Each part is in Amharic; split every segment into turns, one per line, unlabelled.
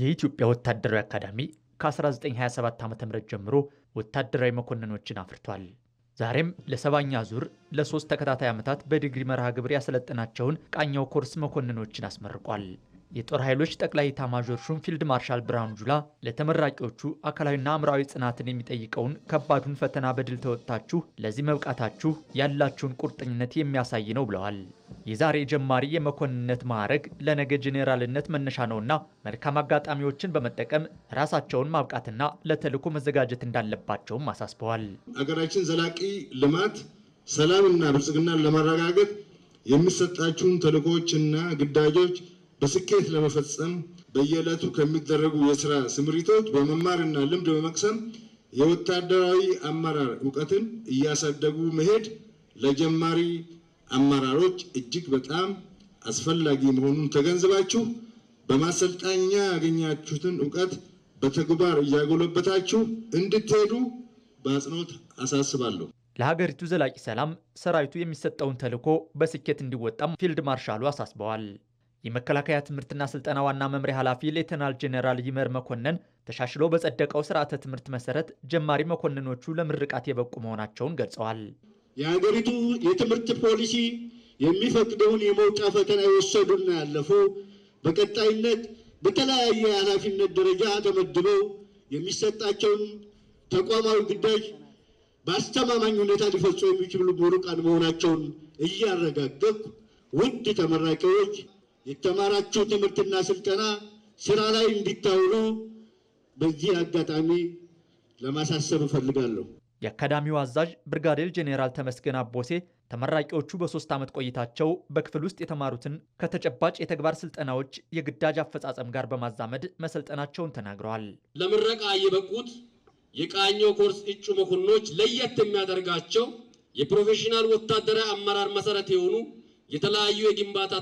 የኢትዮጵያ ወታደራዊ አካዳሚ ከ1927 ዓ ም ጀምሮ ወታደራዊ መኮንኖችን አፍርቷል። ዛሬም ለሰባኛ ዙር ለሶስት ተከታታይ ዓመታት በዲግሪ መርሃ ግብር ያሰለጠናቸውን ቃኛው ኮርስ መኮንኖችን አስመርቋል። የጦር ኃይሎች ጠቅላይ ኢታማዦር ሹም ፊልድ ማርሻል ብርሃኑ ጁላ ለተመራቂዎቹ አካላዊና አእምሯዊ ጽናትን የሚጠይቀውን ከባዱን ፈተና በድል ተወጥታችሁ ለዚህ መብቃታችሁ ያላችሁን ቁርጠኝነት የሚያሳይ ነው ብለዋል። የዛሬ ጀማሪ የመኮንነት ማዕረግ ለነገ ጄኔራልነት መነሻ ነውና መልካም አጋጣሚዎችን በመጠቀም ራሳቸውን ማብቃትና ለተልዕኮ መዘጋጀት እንዳለባቸውም አሳስበዋል።
ሀገራችን ዘላቂ ልማት፣ ሰላምና ብልጽግናን ለማረጋገጥ የሚሰጣችሁን ተልዕኮዎችና ግዳጆች በስኬት ለመፈጸም በየዕለቱ ከሚደረጉ የስራ ስምሪቶች በመማርና ልምድ በመቅሰም የወታደራዊ አመራር እውቀትን እያሳደጉ መሄድ ለጀማሪ አመራሮች እጅግ በጣም አስፈላጊ መሆኑን ተገንዝባችሁ በማሰልጣኛ ያገኛችሁትን እውቀት በተግባር እያጎለበታችሁ እንድትሄዱ በአጽንኦት አሳስባለሁ።
ለሀገሪቱ ዘላቂ ሰላም ሰራዊቱ የሚሰጠውን ተልዕኮ በስኬት እንዲወጣም ፊልድ ማርሻሉ አሳስበዋል። የመከላከያ ትምህርትና ስልጠና ዋና መምሪያ ኃላፊ ሌተናል ጄኔራል ይመር መኮንን ተሻሽሎ በጸደቀው ስርዓተ ትምህርት መሰረት ጀማሪ መኮንኖቹ ለምርቃት የበቁ መሆናቸውን ገልጸዋል።
የሀገሪቱ የትምህርት ፖሊሲ የሚፈቅደውን የመውጫ ፈተና የወሰዱና ያለፉ በቀጣይነት በተለያየ የኃላፊነት ደረጃ ተመድበው የሚሰጣቸውን ተቋማዊ ግዳጅ በአስተማማኝ ሁኔታ ሊፈጽሙ የሚችሉ ምሩቃን መሆናቸውን እያረጋገጥኩ ውድ ተመራቂዎች የተማራችሁ ትምህርትና ስልጠና ስራ ላይ እንዲታውሉ በዚህ አጋጣሚ ለማሳሰብ እፈልጋለሁ።
የአካዳሚው አዛዥ ብርጋዴር ጄኔራል ተመስገን አቦሴ ተመራቂዎቹ በሶስት ዓመት ቆይታቸው በክፍል ውስጥ የተማሩትን ከተጨባጭ የተግባር ስልጠናዎች የግዳጅ አፈጻጸም ጋር በማዛመድ መሰልጠናቸውን ተናግረዋል።
ለምረቃ የበቁት የቃኞ ኮርስ እጩ መኮንኖች ለየት የሚያደርጋቸው የፕሮፌሽናል ወታደራዊ አመራር መሰረት የሆኑ የተለያዩ የግንባታ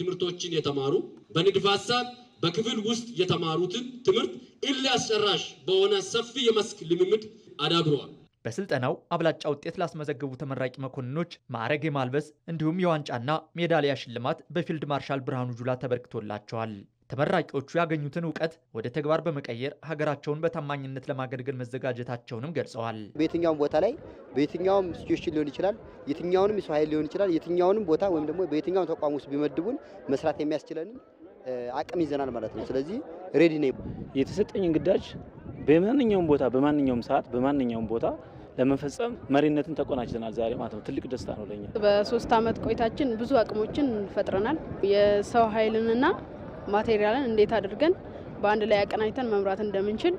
ትምህርቶችን የተማሩ በንድፈ ሀሳብ በክፍል ውስጥ የተማሩትን ትምህርት እልህ አስጨራሽ በሆነ ሰፊ የመስክ ልምምድ አዳብረዋል።
በስልጠናው አብላጫ ውጤት ላስመዘገቡ ተመራቂ መኮንኖች ማዕረግ የማልበስ እንዲሁም የዋንጫና ሜዳሊያ ሽልማት በፊልድ ማርሻል ብርሃኑ ጁላ ተበርክቶላቸዋል። ተመራቂዎቹ ያገኙትን እውቀት ወደ ተግባር በመቀየር ሀገራቸውን በታማኝነት ለማገልገል መዘጋጀታቸውንም ገልጸዋል።
በየትኛውም ቦታ ላይ በየትኛውም ሲቹዌሽን ሊሆን ይችላል፣ የትኛውንም የሰው ኃይል ሊሆን ይችላል፣ የትኛውንም ቦታ ወይም ደግሞ በየትኛውም ተቋም ውስጥ ቢመድቡን መስራት የሚያስችለንን አቅም ይዘናል ማለት ነው። ስለዚህ ሬዲ ነ
የተሰጠኝን ግዳጅ በማንኛውም ቦታ በማንኛውም ሰዓት በማንኛውም ቦታ ለመፈጸም መሪነትን ተቆናጅተናል ዛሬ ማለት ነው። ትልቅ ደስታ ነው ለኛ።
በሶስት አመት ቆይታችን ብዙ አቅሞችን ፈጥረናል። የሰው ኃይልንና ማቴሪያልን እንዴት አድርገን በአንድ ላይ አቀናጅተን መምራት እንደምንችል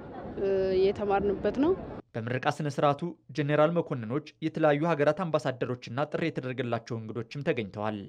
የተማርንበት ነው።
በምረቃ ስነ ስርዓቱ ጄኔራል መኮንኖች፣ የተለያዩ ሀገራት አምባሳደሮችና ጥሪ የተደረገላቸው እንግዶችም ተገኝተዋል።